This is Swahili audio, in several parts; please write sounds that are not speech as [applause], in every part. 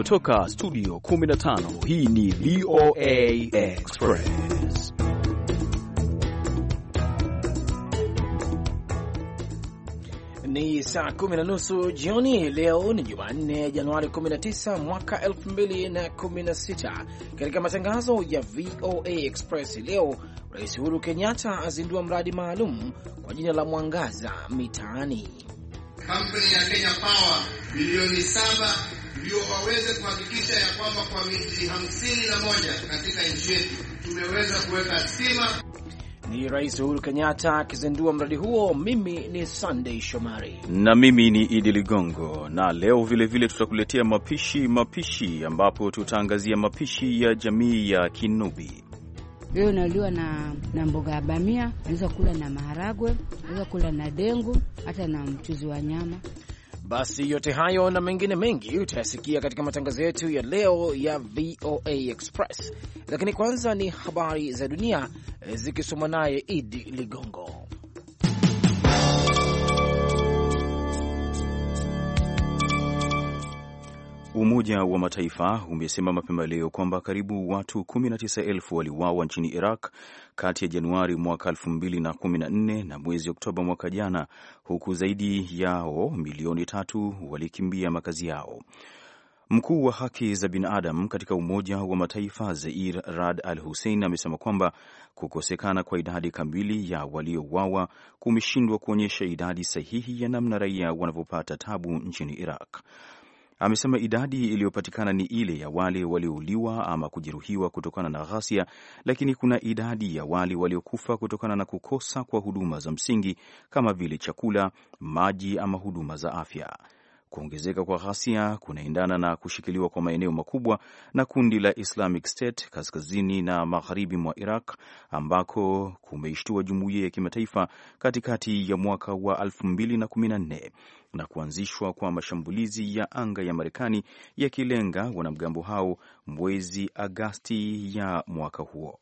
Kutoka studio 15 hii ni VOA Express. Ni saa kumi na nusu jioni. Leo ni Jumanne, Januari 19 mwaka 2016. Katika matangazo ya VOA Express leo, Rais Uhuru Kenyatta azindua mradi maalum kwa jina la Mwangaza Mitaani. Kampuni ya Kenya Power bilioni saba ndio waweze kuhakikisha ya kwamba kwa miji hamsini na moja katika nchi yetu tumeweza kuweka stima. Ni Rais Uhuru Kenyatta akizindua mradi huo. Mimi ni Sunday Shomari na mimi ni Idi Ligongo, na leo vilevile tutakuletea mapishi mapishi, ambapo tutaangazia mapishi ya jamii ya Kinubi. Hiyo naliwa na, na mboga ya bamia, naweza kula na maharagwe, naweza kula na dengu, hata na mchuzi wa nyama. Basi yote hayo na mengine mengi utayasikia katika matangazo yetu ya leo ya VOA Express, lakini kwanza ni habari za dunia eh, zikisomwa naye Idi Ligongo. Umoja wa Mataifa umesema mapema leo kwamba karibu watu 19,000 waliuawa nchini Iraq kati ya Januari mwaka 2014 na mwezi Oktoba mwaka jana, huku zaidi yao milioni tatu walikimbia makazi yao. Mkuu wa haki za binadamu katika Umoja wa Mataifa Zeir Rad Al Hussein amesema kwamba kukosekana kwa idadi kamili ya waliouawa kumeshindwa kuonyesha idadi sahihi ya namna raia wanavyopata tabu nchini Iraq. Amesema idadi iliyopatikana ni ile ya wale waliouliwa ama kujeruhiwa kutokana na ghasia, lakini kuna idadi ya wale waliokufa kutokana na kukosa kwa huduma za msingi kama vile chakula, maji ama huduma za afya. Kuongezeka kwa ghasia kunaendana na kushikiliwa kwa maeneo makubwa na kundi la Islamic State kaskazini na magharibi mwa Iraq ambako kumeishtua jumuiya ya kimataifa katikati ya mwaka wa 2014 na kuanzishwa kwa mashambulizi ya anga ya Marekani yakilenga wanamgambo hao mwezi Agasti ya mwaka huo.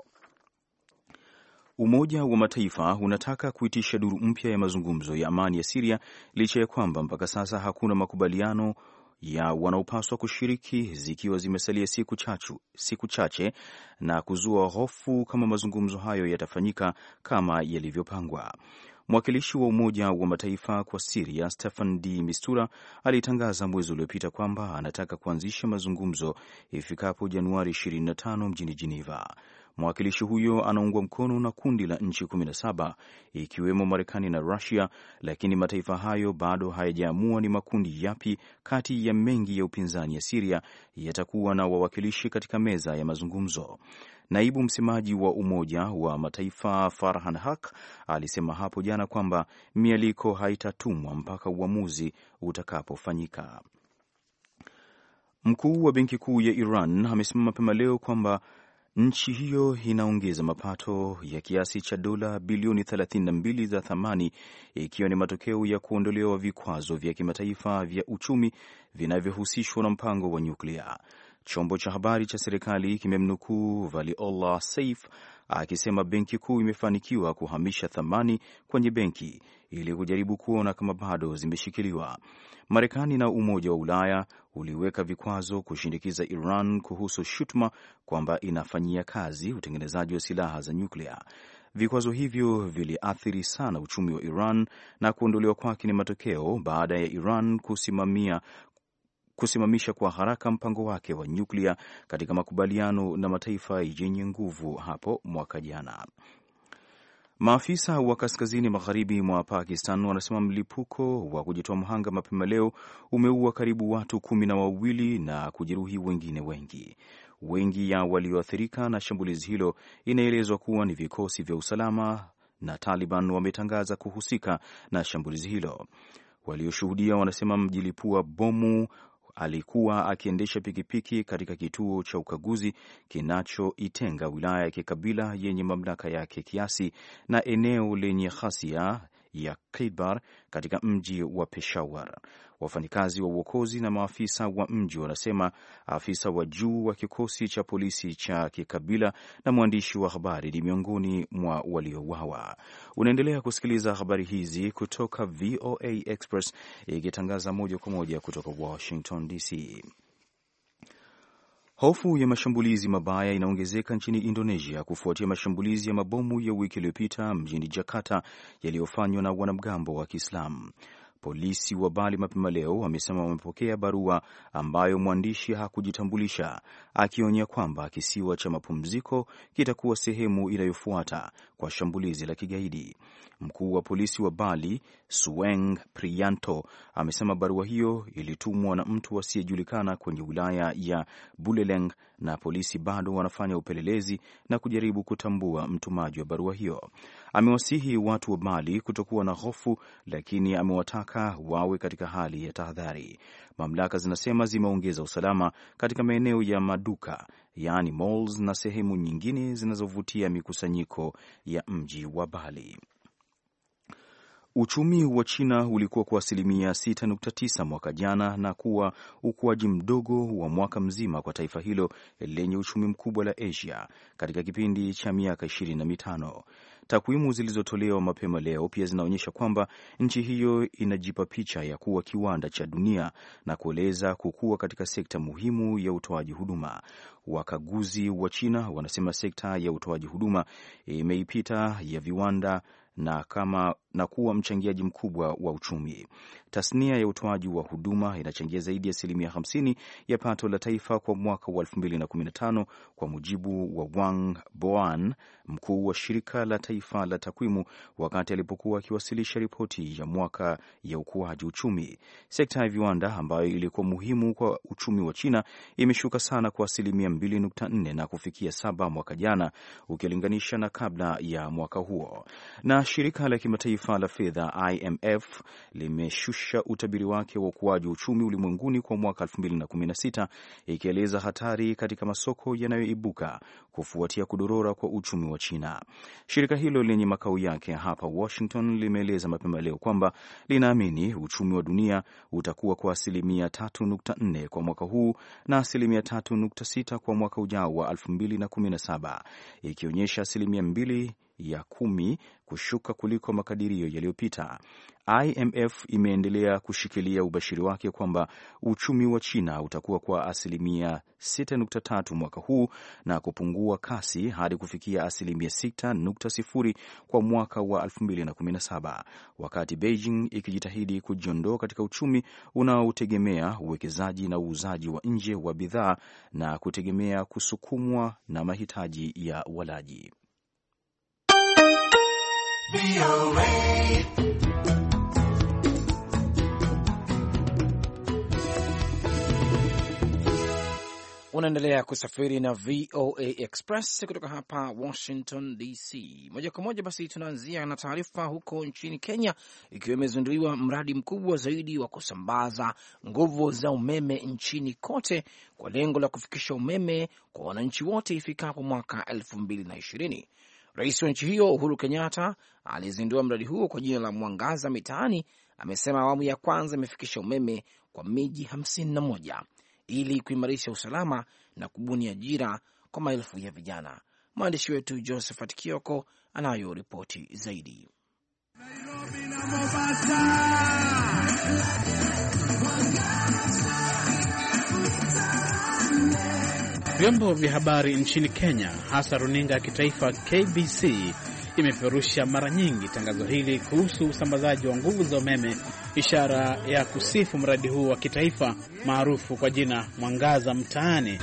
Umoja wa Mataifa unataka kuitisha duru mpya ya mazungumzo ya amani ya Siria licha ya kwamba mpaka sasa hakuna makubaliano ya wanaopaswa kushiriki, zikiwa zimesalia siku chachu, siku chache na kuzua hofu kama mazungumzo hayo yatafanyika kama yalivyopangwa. Mwakilishi wa Umoja wa Mataifa kwa Siria stehan d Mistura alitangaza mwezi uliopita kwamba anataka kuanzisha mazungumzo ifikapo Januari 25 mjini Geneva. Mwakilishi huyo anaungwa mkono na kundi la nchi 17 ikiwemo Marekani na Rusia, lakini mataifa hayo bado hayajaamua ni makundi yapi kati ya mengi ya upinzani ya Siria yatakuwa na wawakilishi katika meza ya mazungumzo. Naibu msemaji wa Umoja wa Mataifa Farhan Haq alisema hapo jana kwamba mialiko haitatumwa mpaka uamuzi utakapofanyika. Mkuu wa benki kuu ya Iran amesema mapema leo kwamba Nchi hiyo inaongeza mapato ya kiasi cha dola bilioni 32 za thamani ikiwa ni matokeo ya kuondolewa vikwazo vya kimataifa vya uchumi vinavyohusishwa na mpango wa nyuklia. Chombo cha habari cha serikali kimemnukuu Valiollah Saif akisema benki kuu imefanikiwa kuhamisha thamani kwenye benki ili kujaribu kuona kama bado zimeshikiliwa. Marekani na Umoja wa Ulaya uliweka vikwazo kushindikiza Iran kuhusu shutuma kwamba inafanyia kazi utengenezaji wa silaha za nyuklia. Vikwazo hivyo viliathiri sana uchumi wa Iran na kuondolewa kwake ni matokeo baada ya Iran kusimamia kusimamisha kwa haraka mpango wake wa nyuklia katika makubaliano na mataifa yenye nguvu hapo mwaka jana. Maafisa wa kaskazini magharibi mwa Pakistan wanasema mlipuko wa kujitoa mhanga mapema leo umeua karibu watu kumi na wawili na kujeruhi wengine wengi. Wengi ya walioathirika na shambulizi hilo inaelezwa kuwa ni vikosi vya usalama na Taliban wametangaza kuhusika na shambulizi hilo. Walioshuhudia wanasema mjilipua bomu alikuwa akiendesha pikipiki katika kituo cha ukaguzi kinachoitenga wilaya ya kikabila yenye mamlaka yake kiasi na eneo lenye ghasia ya Kibar katika mji wa Peshawar. Wafanyakazi wa uokozi na maafisa wa mji wanasema afisa wa juu wa kikosi cha polisi cha kikabila na mwandishi wa habari ni miongoni mwa waliouawa. Unaendelea kusikiliza habari hizi kutoka VOA Express ikitangaza moja kwa moja kutoka Washington DC. Hofu ya mashambulizi mabaya inaongezeka nchini Indonesia kufuatia mashambulizi ya mabomu ya wiki iliyopita mjini Jakarta yaliyofanywa na wanamgambo wa Kiislamu. Polisi wa Bali mapema leo wamesema wamepokea barua ambayo mwandishi hakujitambulisha, akionya kwamba kisiwa cha mapumziko kitakuwa sehemu inayofuata kwa shambulizi la kigaidi. Mkuu wa polisi wa Bali, Sueng Priyanto, amesema barua hiyo ilitumwa na mtu asiyejulikana kwenye wilaya ya Buleleng, na polisi bado wanafanya upelelezi na kujaribu kutambua mtumaji wa barua hiyo. Amewasihi watu wa Bali kutokuwa na hofu, lakini amewataka wawe katika hali ya tahadhari. Mamlaka zinasema zimeongeza usalama katika maeneo ya maduka, yaani malls, na sehemu nyingine zinazovutia mikusanyiko ya mji wa Bali. Uchumi wa China ulikuwa kwa asilimia 6.9 mwaka jana na kuwa ukuaji mdogo wa mwaka mzima kwa taifa hilo lenye uchumi mkubwa la Asia katika kipindi cha miaka mitano Takwimu zilizotolewa mapema leo pia zinaonyesha kwamba nchi hiyo inajipa picha ya kuwa kiwanda cha dunia na kueleza kukua katika sekta muhimu ya utoaji huduma. Wakaguzi wa China wanasema sekta ya utoaji huduma imeipita ya viwanda na kama na kuwa mchangiaji mkubwa wa uchumi. Tasnia ya utoaji wa huduma inachangia zaidi ya asilimia 50 ya pato la taifa kwa mwaka wa 2015 kwa mujibu wa Wang Boan, mkuu wa shirika la taifa la takwimu, wakati alipokuwa akiwasilisha ripoti ya mwaka ya ukuaji uchumi. Sekta ya viwanda ambayo ilikuwa muhimu kwa uchumi wa China imeshuka sana kwa asilimia 2.4 na kufikia saba mwaka jana ukilinganisha na kabla ya mwaka huo. Na shirika la kimataifa taifa la fedha IMF limeshusha utabiri wake wa ukuaji wa uchumi ulimwenguni kwa mwaka 2016 ikieleza hatari katika masoko yanayoibuka kufuatia kudorora kwa uchumi wa China. Shirika hilo lenye makao yake hapa Washington limeeleza mapema leo kwamba linaamini uchumi wa dunia utakuwa kwa asilimia 3.4 kwa mwaka huu na asilimia 3.6 kwa mwaka ujao wa 2017 ikionyesha asilimia mbili ya kumi kushuka kuliko makadirio yaliyopita. IMF imeendelea kushikilia ubashiri wake kwamba uchumi wa China utakuwa kwa asilimia 6.3 mwaka huu na kupungua kasi hadi kufikia asilimia 6.0 kwa mwaka wa 2017, wakati Beijing ikijitahidi kujiondoa katika uchumi unaotegemea uwekezaji na uuzaji wa nje wa bidhaa na kutegemea kusukumwa na mahitaji ya walaji. Unaendelea kusafiri na VOA Express kutoka hapa Washington DC moja kwa moja. Basi tunaanzia na taarifa huko nchini Kenya, ikiwa imezinduliwa mradi mkubwa zaidi wa kusambaza nguvu za umeme nchini kote kwa lengo la kufikisha umeme kwa wananchi wote ifikapo mwaka elfu mbili na ishirini. Rais wa nchi hiyo Uhuru Kenyatta alizindua mradi huo kwa jina la Mwangaza Mitaani. Amesema awamu ya kwanza imefikisha umeme kwa miji 51 ili kuimarisha usalama na kubuni ajira kwa maelfu ya vijana. Mwandishi wetu Josephat Kioko anayo ripoti zaidi. Nairobi na Vyombo vya habari nchini Kenya, hasa runinga ya kitaifa KBC, imeperusha mara nyingi tangazo hili kuhusu usambazaji wa nguvu za umeme, ishara ya kusifu mradi huu wa kitaifa maarufu kwa jina Mwangaza Mtaani.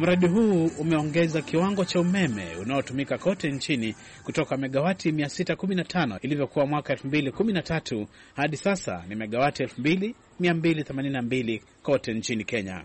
Mradi huu umeongeza kiwango cha umeme unaotumika kote nchini kutoka megawati 615 ilivyokuwa mwaka 2013 hadi sasa ni megawati 2282 kote nchini Kenya.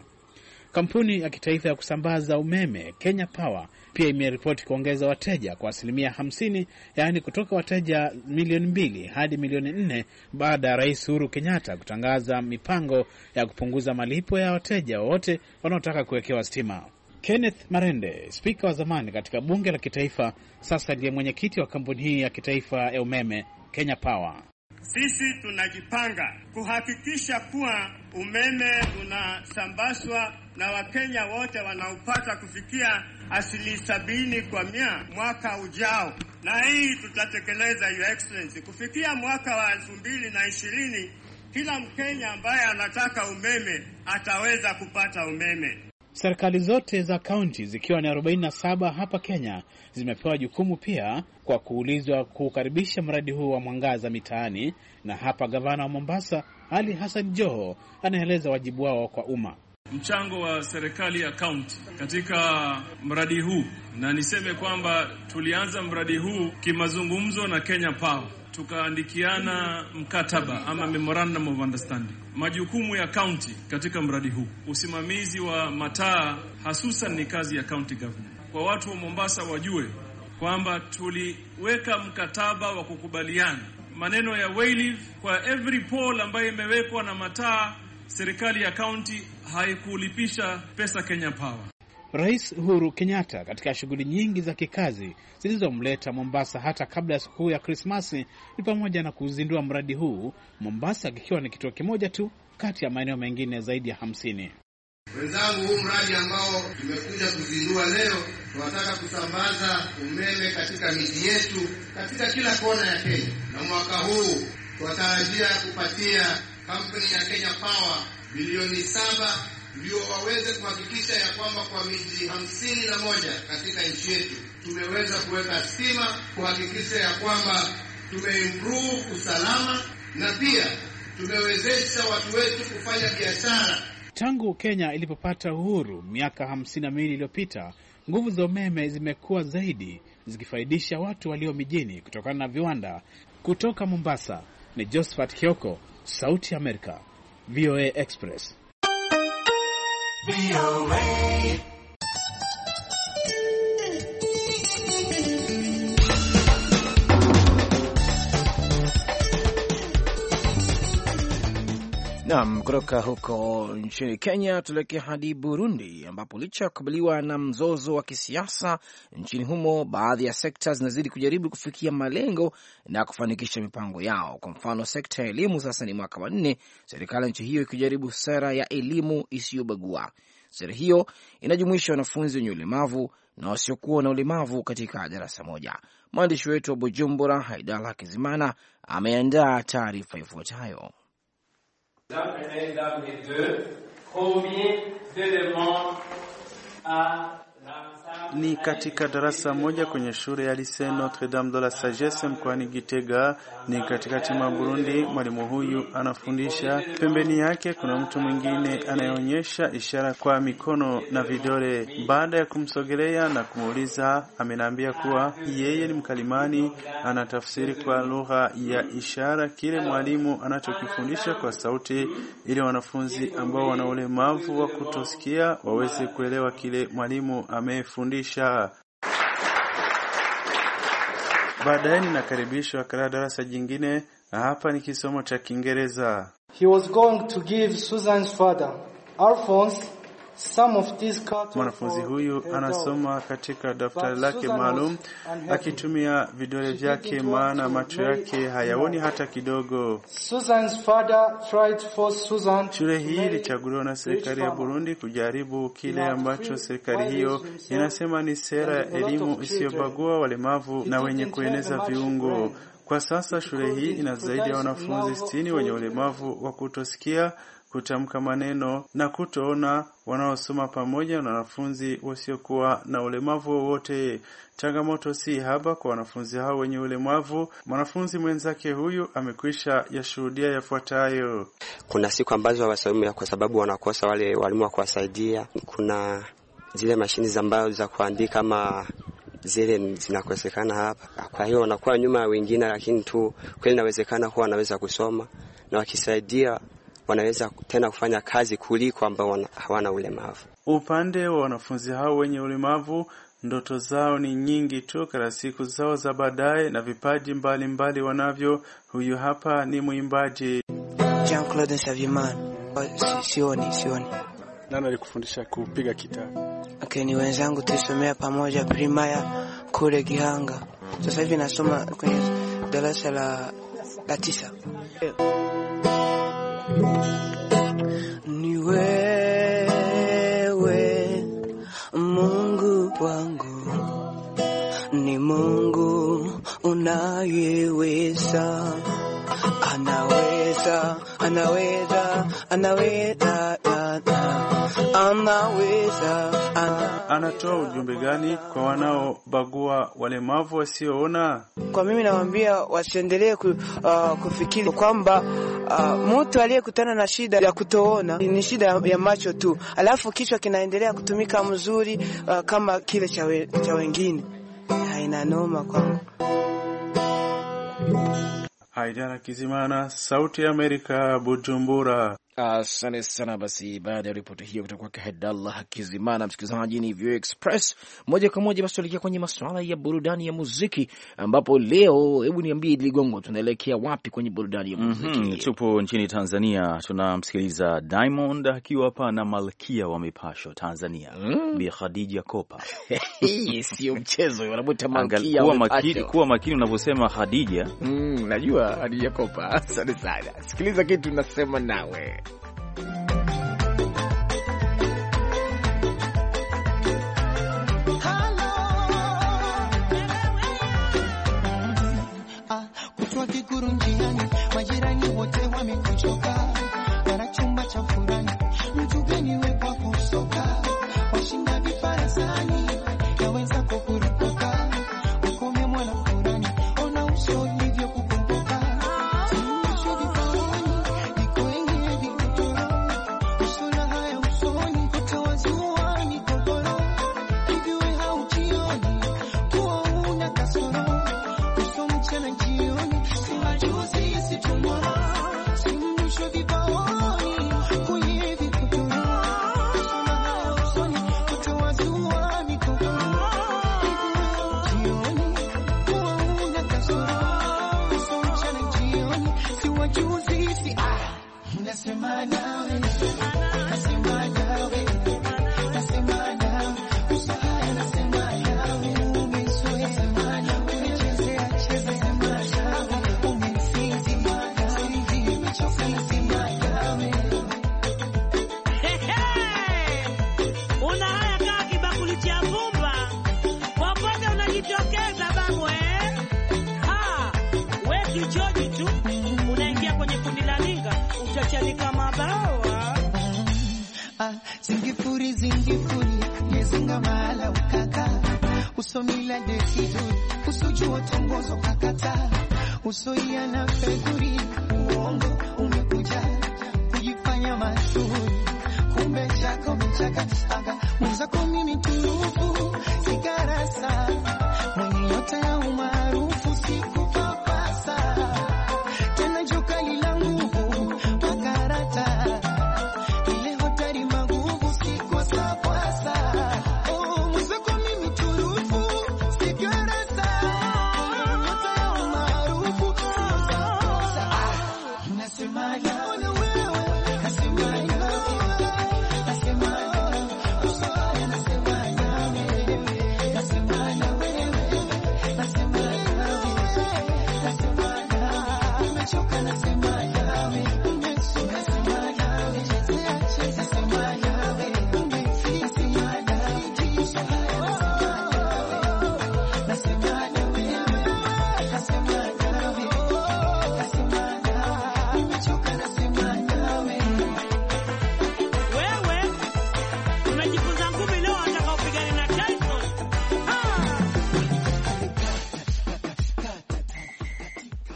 Kampuni ya kitaifa ya kusambaza umeme Kenya Power pia imeripoti kuongeza wateja kwa asilimia 50, yaani kutoka wateja milioni mbili hadi milioni nne baada ya Rais Uhuru Kenyatta kutangaza mipango ya kupunguza malipo ya wateja wote wanaotaka kuwekewa stima. Kenneth Marende, spika wa zamani katika bunge la kitaifa, sasa ndiye mwenyekiti wa kampuni hii ya kitaifa ya umeme Kenya Power. Sisi tunajipanga kuhakikisha kuwa umeme unasambazwa na Wakenya wote wanaopata kufikia asilimia sabini kwa mia mwaka ujao, na hii tutatekeleza, Your Excellency. Kufikia mwaka wa elfu mbili na ishirini kila Mkenya ambaye anataka umeme ataweza kupata umeme. Serikali zote za kaunti zikiwa ni 47 hapa Kenya zimepewa jukumu pia kwa kuulizwa kuukaribisha mradi huu wa mwangaza mitaani, na hapa gavana wa Mombasa Ali Hassan Joho anaeleza wajibu wao kwa umma mchango wa serikali ya kaunti katika mradi huu, na niseme kwamba tulianza mradi huu kimazungumzo na Kenya Power, tukaandikiana mkataba ama memorandum of understanding. Majukumu ya kaunti katika mradi huu, usimamizi wa mataa hasusan ni kazi ya county government. Kwa watu wa Mombasa wajue kwamba tuliweka mkataba wa kukubaliana maneno ya Wyliff kwa every pole ambayo imewekwa na mataa serikali ya kaunti haikulipisha pesa Kenya Power. Rais Uhuru Kenyatta katika shughuli nyingi za kikazi zilizomleta Mombasa hata kabla ya sikukuu ya Krismasi ni pamoja na kuzindua mradi huu, Mombasa kikiwa ni kituo kimoja tu kati ya maeneo mengine zaidi ya hamsini. Wenzangu, huu mradi ambao tumekuja kuzindua leo, tunataka kusambaza umeme katika miji yetu katika kila kona ya Kenya, na mwaka huu tunatarajia kupatia kampuni ya Kenya Power bilioni saba ndio waweze kuhakikisha ya kwamba kwa miji hamsini na moja katika nchi yetu tumeweza kuweka stima, kuhakikisha ya kwamba tumeimprove usalama na pia tumewezesha watu wetu kufanya biashara. Tangu Kenya ilipopata uhuru miaka hamsini na miwili iliyopita, nguvu za umeme zimekuwa zaidi zikifaidisha watu walio mijini kutokana na viwanda. Kutoka Mombasa ni Josephat Kioko. Sauti America, VOA Express. VOA. Naam, kutoka huko nchini Kenya tuelekea hadi Burundi, ambapo licha ya kukabiliwa na mzozo wa kisiasa nchini humo, baadhi ya sekta zinazidi kujaribu kufikia malengo na kufanikisha mipango yao. Kwa mfano, sekta ya elimu sasa ni mwaka wa nne serikali ya nchi hiyo ikijaribu sera ya elimu isiyobagua. Sera hiyo inajumuisha wanafunzi wenye ulemavu na wasiokuwa na ulemavu katika darasa moja. Mwandishi wetu wa Bujumbura, Haidala Kizimana, ameandaa taarifa ifuatayo. D'après les deux combien d'éléments a ni katika darasa moja kwenye shule ya Lycee Notre Dame de la Sagesse mkoani Gitega, ni katikati mwa Burundi. Mwalimu huyu anafundisha, pembeni yake kuna mtu mwingine anayeonyesha ishara kwa mikono na vidole. Baada ya kumsogelea na kumuuliza, amenambia kuwa yeye ni mkalimani, anatafsiri kwa lugha ya ishara kile mwalimu anachokifundisha kwa sauti, ili wanafunzi ambao wana ulemavu wa kutosikia waweze kuelewa kile mwalimu amefundisha kufundisha. Baadaye ninakaribishwa katika darasa jingine, na hapa ni kisomo cha Kiingereza. He was going to give Susan's father, Alphonse, Mwanafunzi huyu anasoma katika daftari lake maalum akitumia vidole vyake, maana macho yake hayaoni hata kidogo. Shule hii ilichaguliwa na serikali ya Burundi kujaribu kile ambacho serikali hiyo inasema ni sera ya elimu isiyobagua walemavu na wenye kueneza viungo. Kwa sasa shule hii ina zaidi ya wanafunzi sitini wenye ulemavu wa kutosikia kutamka maneno na kutoona wanaosoma pamoja na wanafunzi wasiokuwa na ulemavu wowote. Changamoto si haba kwa wanafunzi hao wenye ulemavu. Mwanafunzi mwenzake huyu amekwisha yashuhudia yafuatayo. Kuna siku ambazo hawasomi kwa sababu wanakosa wale walimu wa kuwasaidia. Kuna zile mashini ambazo za kuandika ama zile zinakosekana hapa, kwa hiyo wanakuwa nyuma ya wengine, lakini tu kweli inawezekana kuwa wanaweza kusoma na wakisaidia wanaweza tena kufanya kazi kuliko ambao hawana ulemavu. Upande wa wanafunzi hao wenye ulemavu, ndoto zao ni nyingi tu katika siku zao za baadaye na vipaji mbalimbali mbali wanavyo. Huyu hapa ni mwimbaji Jean Claude Saviman. Oh, sioni, sioni nani alikufundisha kupiga kita? Okay, ni wenzangu tulisomea pamoja primaya kule Gihanga. Sasa hivi nasoma kwenye darasa la, la tisa. Ni wewe Mungu wangu, ni Mungu unayeweza, anaweza, anaweza, anaweza, anaweza. Anatoa ujumbe gani kwa wanaobagua walemavu wasioona? Kwa mimi nawaambia wasiendelee ku, uh, kufikiri kwamba uh, mtu aliyekutana na shida ya kutoona ni shida ya macho tu, alafu kichwa kinaendelea kutumika mzuri uh, kama kile cha we, wengine. Haina noma kwa Haidara Kizimana, Sauti ya Amerika, Bujumbura. Asante uh, sana. Basi baada ya ripoti hiyo kutoka kwake Hedalla Hakizimana, msikilizaji, ni VOA Express moja kwa moja. Basi tuelekea kwenye masuala ya burudani ya muziki, ambapo leo, hebu niambie Idi Ligongo, tunaelekea wapi kwenye burudani ya muziki? mm -hmm. Tupo nchini Tanzania, tunamsikiliza Diamond akiwa hapa na malkia wa mipasho Tanzania mm -hmm. Bi Khadija Kopa [laughs] sio mchezo, wanamwita malkia wa mipasho. Kuwa makini unavyosema Khadija. mm, najua Khadija Kopa. [laughs] Asante sana, sikiliza kitu nasema nawe 命苦就该。I see my now. kuzuia na Uongo umekuja kujifanya mashuhuri, kumbe chako mchaka, aga mwenzako mimi turufu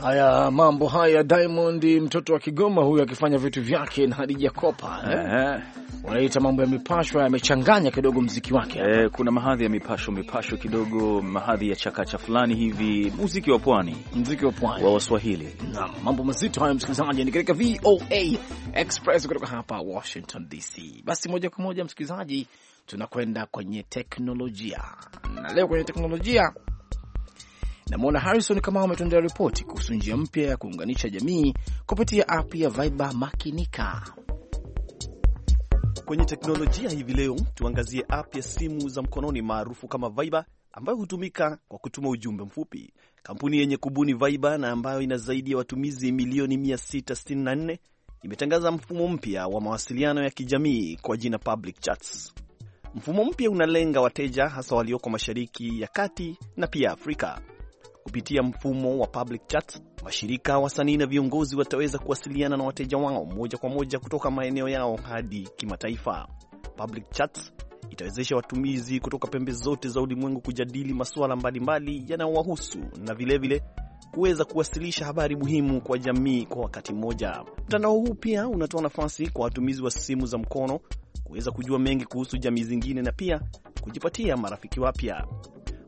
Haya mambo haya, Diamond mtoto wa Kigoma huyu akifanya vitu vyake na Hadija Kopa eh? wanaita mambo ya mipasho yamechanganya kidogo mziki wake eh, kuna mahadhi ya mipasho mipasho kidogo, mahadhi ya chakacha fulani hivi, muziki wa pwani, muziki wa pwani wa Waswahili. Naam, mambo mazito hayo, msikilizaji, ni katika VOA Express kutoka hapa Washington DC. Basi moja kwa moja, msikilizaji, tunakwenda kwenye teknolojia na leo kwenye teknolojia Namwona Harrison kama ametuandalia ripoti kuhusu njia mpya ya kuunganisha jamii kupitia app ya Viber Makinika. Kwenye teknolojia hivi leo, tuangazie app ya simu za mkononi maarufu kama Viber ambayo hutumika kwa kutuma ujumbe mfupi. Kampuni yenye kubuni Viber na ambayo ina zaidi ya watumizi milioni 664 imetangaza mfumo mpya wa mawasiliano ya kijamii kwa jina Public Chats. Mfumo mpya unalenga wateja hasa walioko Mashariki ya Kati na pia Afrika. Kupitia mfumo wa public chat, mashirika, wasanii na viongozi wataweza kuwasiliana na wateja wao moja kwa moja kutoka maeneo yao hadi kimataifa. Public chat itawezesha watumizi kutoka pembe zote za ulimwengu kujadili masuala mbalimbali yanayowahusu na vilevile kuweza kuwasilisha habari muhimu kwa jamii kwa wakati mmoja. Mtandao huu pia unatoa nafasi kwa watumizi wa simu za mkono kuweza kujua mengi kuhusu jamii zingine na pia kujipatia marafiki wapya.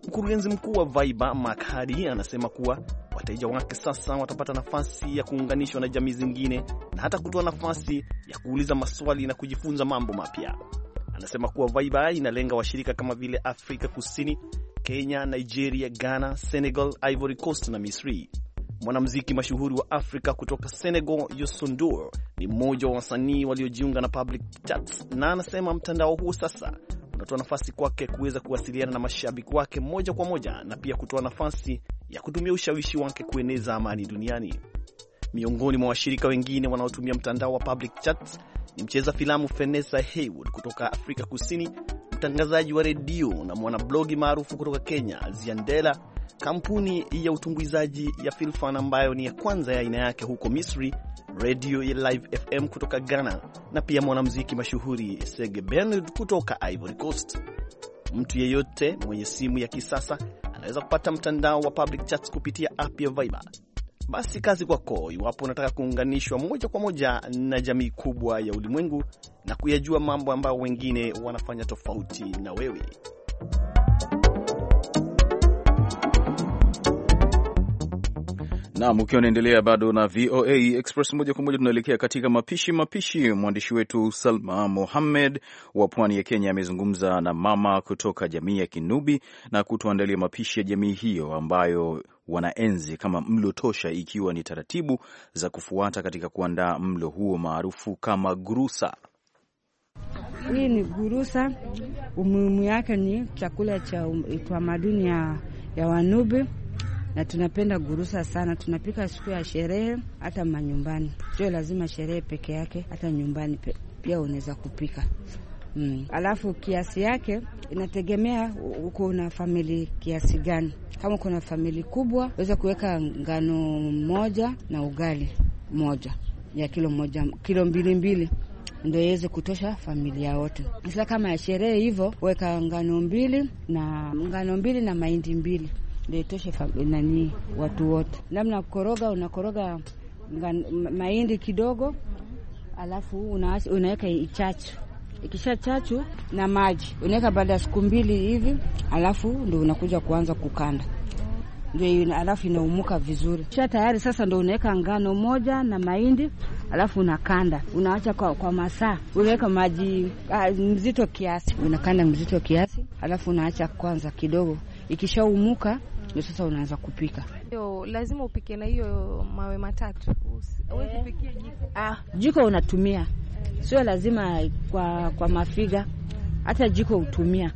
Mkurugenzi mkuu wa Viber Mark anasema kuwa wateja wake sasa watapata nafasi ya kuunganishwa na jamii zingine na hata kutoa nafasi ya kuuliza maswali na kujifunza mambo mapya. Anasema kuwa Viber inalenga washirika kama vile Afrika Kusini, Kenya, Nigeria, Ghana, Senegal, Ivory Coast na Misri. Mwanamuziki mashuhuri wa Afrika kutoka Senegal, Youssou ni mmoja wa wasanii waliojiunga na Public Chats, na anasema mtandao huu sasa unatoa nafasi kwake kuweza kuwasiliana na mashabiki wake moja kwa moja na pia kutoa nafasi ya kutumia ushawishi wake kueneza amani duniani. Miongoni mwa washirika wengine wanaotumia mtandao wa public chat ni mcheza filamu Fenesa Heywood kutoka Afrika Kusini, mtangazaji wa redio na mwanablogi maarufu kutoka Kenya, Ziandela kampuni ya utumbuizaji ya Filfan ambayo ni ya kwanza ya aina yake huko Misri, radio ya Live FM kutoka Ghana, na pia mwanamuziki mashuhuri Sege Bernard kutoka Ivory Coast. Mtu yeyote mwenye simu ya kisasa anaweza kupata mtandao wa public chats kupitia app ya Viber. Basi kazi kwako, iwapo unataka kuunganishwa moja kwa moja na jamii kubwa ya ulimwengu na kuyajua mambo ambayo wengine wanafanya tofauti na wewe. Naam, ukiwa unaendelea bado na VOA Express moja kwa moja, tunaelekea katika mapishi mapishi. Mwandishi wetu Salma muhammed wa pwani ya Kenya amezungumza na mama kutoka jamii ya Kinubi na kutuandalia mapishi ya jamii hiyo ambayo wanaenzi kama mlo tosha, ikiwa ni taratibu za kufuata katika kuandaa mlo huo maarufu kama gurusa. Hii ni gurusa, umuhimu yake ni chakula cha utamaduni ya, ya Wanubi na tunapenda gurusa sana. Tunapika siku ya sherehe, hata manyumbani, sio lazima sherehe peke yake, hata nyumbani pe, pia unaweza kupika mm. Alafu kiasi yake inategemea uko na famili kiasi gani. Kama kuna famili kubwa, weza kuweka ngano moja na ugali moja ya kilo moja, kilo mbili mbili ndio iweze kutosha familia wote. Sasa kama ya sherehe hivyo, weka ngano mbili na ngano mbili na mahindi mbili letoshe nani watu wote. Namna koroga unakoroga mahindi kidogo, alafu unaweka ichachu ikisha chachu na maji unaweka baada ya siku mbili hivi, alafu ndo unakuja kuanza kukanda, ndio alafu inaumuka vizuri, kisha tayari sasa, ndo unaweka ngano moja na mahindi, alafu unakanda, unaacha kwa, kwa masaa, unaweka maji ah, mzito kiasi, unakanda mzito kiasi, alafu unaacha kwanza kidogo ikishaumuka ndio sasa unaanza kupika. Yo, lazima upike na hiyo mawe matatu. Uwezi kupikia eh. jiko. Ah, jiko unatumia. Sio lazima kwa kwa mafiga. Hata jiko utumia.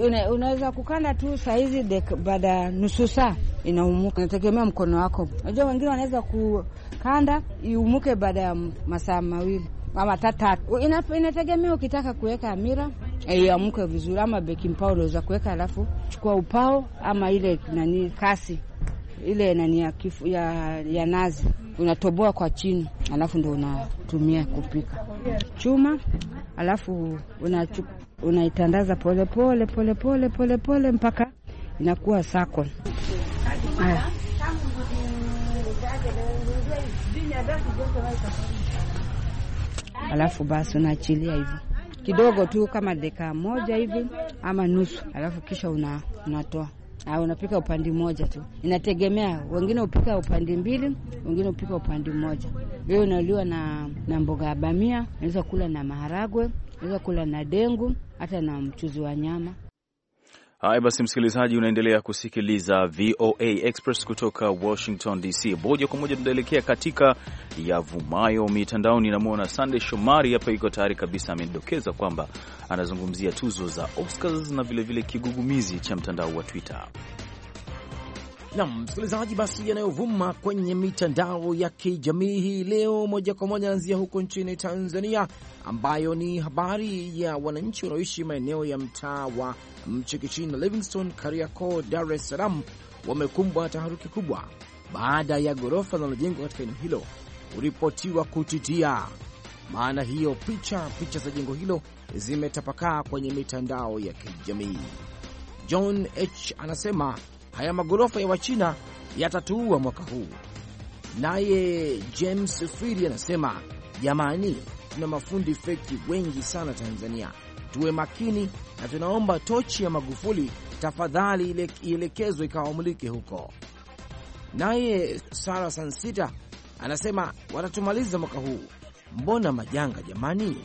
Una, unaweza kukanda tu saa hizi baada ya nusu saa inaumuka. Inategemea mkono wako. Unajua wengine wanaweza kukanda iumuke baada ya masaa mawili ama matatu. Inategemea ukitaka kuweka amira Eh, iamke vizuri, ama baking powder unaweza kuweka, alafu chukua upao ama ile nani kasi ile nani ya, kifu, ya, ya nazi unatoboa kwa chini, alafu ndo unatumia kupika chuma, alafu unaitandaza una pole pole pole pole pole pole mpaka inakuwa sako. alafu basi unaachilia hivyo kidogo tu kama deka moja hivi ama nusu, alafu kisha una, unatoa au ah, unapika upande mmoja tu. Inategemea, wengine upika upande mbili, wengine upika upande mmoja. Hiyo unaliwa na, na mboga ya bamia, unaweza kula na maharagwe, unaweza kula na dengu, hata na mchuzi wa nyama. Haya basi, msikilizaji, unaendelea kusikiliza VOA Express kutoka Washington DC. Moja kwa moja tunaelekea katika yavumayo mitandaoni. Namwona Sandey Shomari hapa iko tayari kabisa, amedokeza kwamba anazungumzia tuzo za Oscars na vilevile vile kigugumizi cha mtandao wa Twitter. Nam msikilizaji, basi yanayovuma kwenye mitandao ya kijamii hii leo, moja kwa moja anaanzia huko nchini Tanzania, ambayo ni habari ya wananchi wanaoishi maeneo ya mtaa wa Mchikichini na livingston Kariakoo, Dar es Salaam wamekumbwa na taharuki kubwa baada ya ghorofa linalojengwa katika eneo hilo kuripotiwa kutitia. Maana hiyo picha picha za jengo hilo zimetapakaa kwenye mitandao ya kijamii. John H anasema haya magorofa ya Wachina yatatuua mwaka huu. Naye James Firi anasema jamani, tuna mafundi feki wengi sana Tanzania, tuwe makini na tunaomba tochi ya Magufuli tafadhali ielekezwe ikawamulike huko. Naye Sara Sansita anasema watatumaliza mwaka huu, mbona majanga jamani?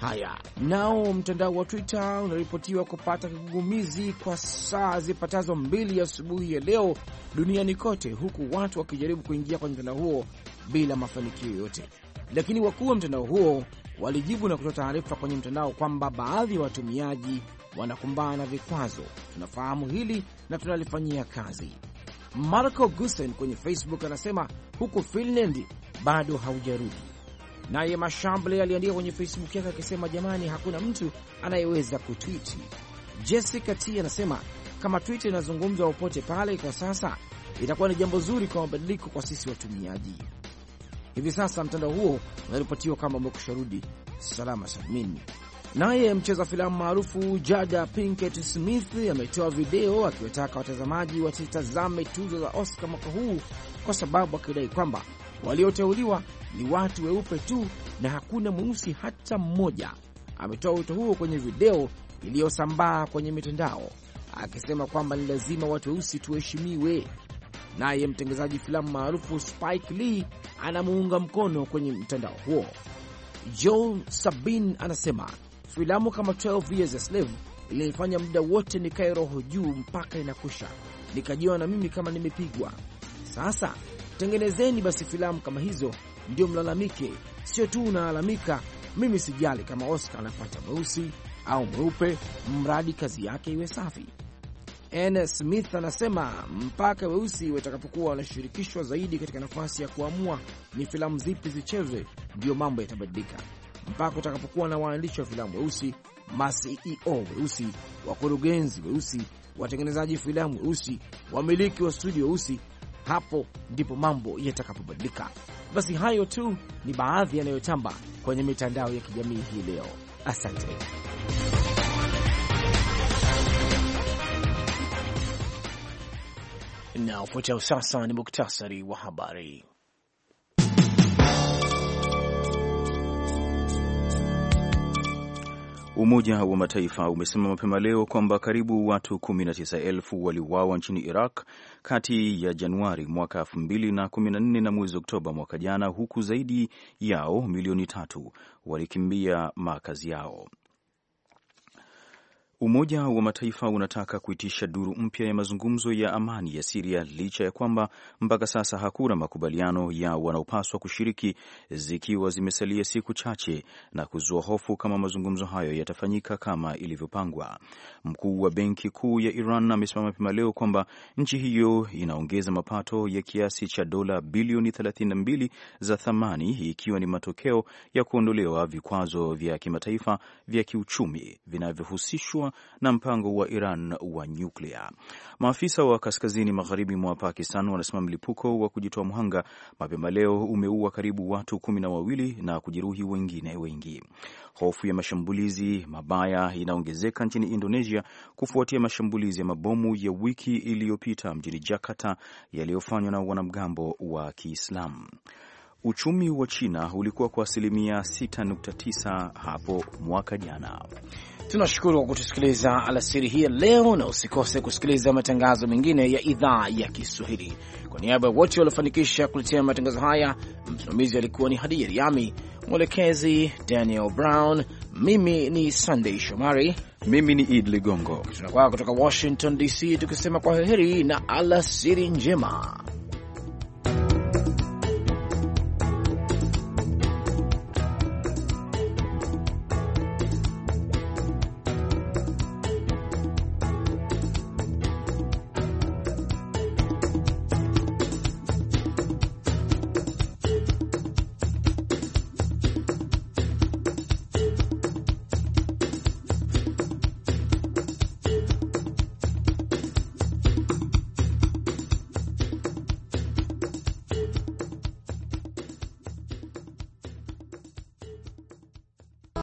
Haya, nao mtandao wa Twitter unaripotiwa kupata kigugumizi kwa saa zipatazo mbili asubuhi ya, ya leo duniani kote, huku watu wakijaribu kuingia kwenye mtandao huo bila mafanikio yoyote. Lakini wakuu wa mtandao huo walijibu na kutoa taarifa kwenye mtandao kwamba baadhi ya watumiaji wanakumbana na vikwazo. Tunafahamu hili na tunalifanyia kazi. Marco Gusen kwenye Facebook anasema huku Finland bado haujarudi. Naye mashamble aliandika kwenye Facebook yake akisema, jamani, hakuna mtu anayeweza kutwiti. Jessica T anasema kama twitte inazungumzwa popote pale kwa sasa, itakuwa ni jambo zuri kwa mabadiliko kwa sisi watumiaji. Hivi sasa mtandao huo unaripotiwa kama umekusha rudi salama salmini. Naye mcheza filamu maarufu Jada Pinkett Smith ametoa video akiwataka watazamaji wasitazame tuzo za Oscar mwaka huu kwa sababu akidai kwamba walioteuliwa ni watu weupe tu na hakuna mweusi hata mmoja. Ametoa wito huo kwenye video iliyosambaa kwenye mitandao akisema kwamba ni lazima watu weusi tuheshimiwe. Naye mtengezaji filamu maarufu Spike Lee anamuunga mkono kwenye mtandao huo. John Sabin anasema filamu kama 12 Years a Slave ilinifanya muda wote nikae roho juu mpaka inakusha nikajiona na mimi kama nimepigwa. Sasa tengenezeni basi filamu kama hizo, ndio mlalamike. Sio tu unalalamika, mimi sijali kama Oscar anapata mweusi au mweupe, mradi kazi yake iwe safi. N Smith anasema mpaka weusi watakapokuwa wanashirikishwa zaidi katika nafasi ya kuamua ni filamu zipi zichezwe, ndiyo mambo yatabadilika. Mpaka utakapokuwa na waandishi wa filamu weusi, ma-CEO weusi, wakurugenzi weusi, watengenezaji filamu weusi, wamiliki wa studio weusi, hapo ndipo mambo yatakapobadilika. Basi hayo tu ni baadhi yanayotamba kwenye mitandao ya kijamii hii leo. Asante. Na ufuatao sasa ni muktasari wa habari. Umoja wa Mataifa umesema mapema leo kwamba karibu watu 19,000 waliuawa nchini Iraq kati ya Januari mwaka 2014 na mwezi Oktoba mwaka jana, huku zaidi yao milioni tatu walikimbia makazi yao. Umoja wa Mataifa unataka kuitisha duru mpya ya mazungumzo ya amani ya Siria licha ya kwamba mpaka sasa hakuna makubaliano ya wanaopaswa kushiriki, zikiwa zimesalia siku chache na kuzua hofu kama mazungumzo hayo yatafanyika kama ilivyopangwa. Mkuu wa Benki Kuu ya Iran amesema mapema leo kwamba nchi hiyo inaongeza mapato ya kiasi cha dola bilioni 32 za thamani, ikiwa ni matokeo ya kuondolewa vikwazo vya kimataifa vya kiuchumi vinavyohusishwa na mpango wa Iran wa nyuklia. Maafisa wa kaskazini magharibi mwa Pakistan wanasema mlipuko wa kujitoa mhanga mapema leo umeua karibu watu kumi na wawili na kujeruhi wengine wengi. Hofu ya mashambulizi mabaya inaongezeka nchini Indonesia kufuatia mashambulizi ya mabomu ya wiki iliyopita mjini Jakarta yaliyofanywa na wanamgambo wa Kiislamu. Uchumi wa China ulikuwa kwa asilimia 6.9 hapo mwaka jana. Tunashukuru kwa kutusikiliza alasiri hii leo, na usikose kusikiliza matangazo mengine ya idhaa ya Kiswahili. Kwa niaba ya wote waliofanikisha kuletea matangazo haya, msimamizi alikuwa ni Hadija Riami, mwelekezi Daniel Brown, mimi ni Sunday Shomari, mimi ni Id Ligongo, tunakwaa kutoka Washington DC tukisema kwa heri na alasiri njema.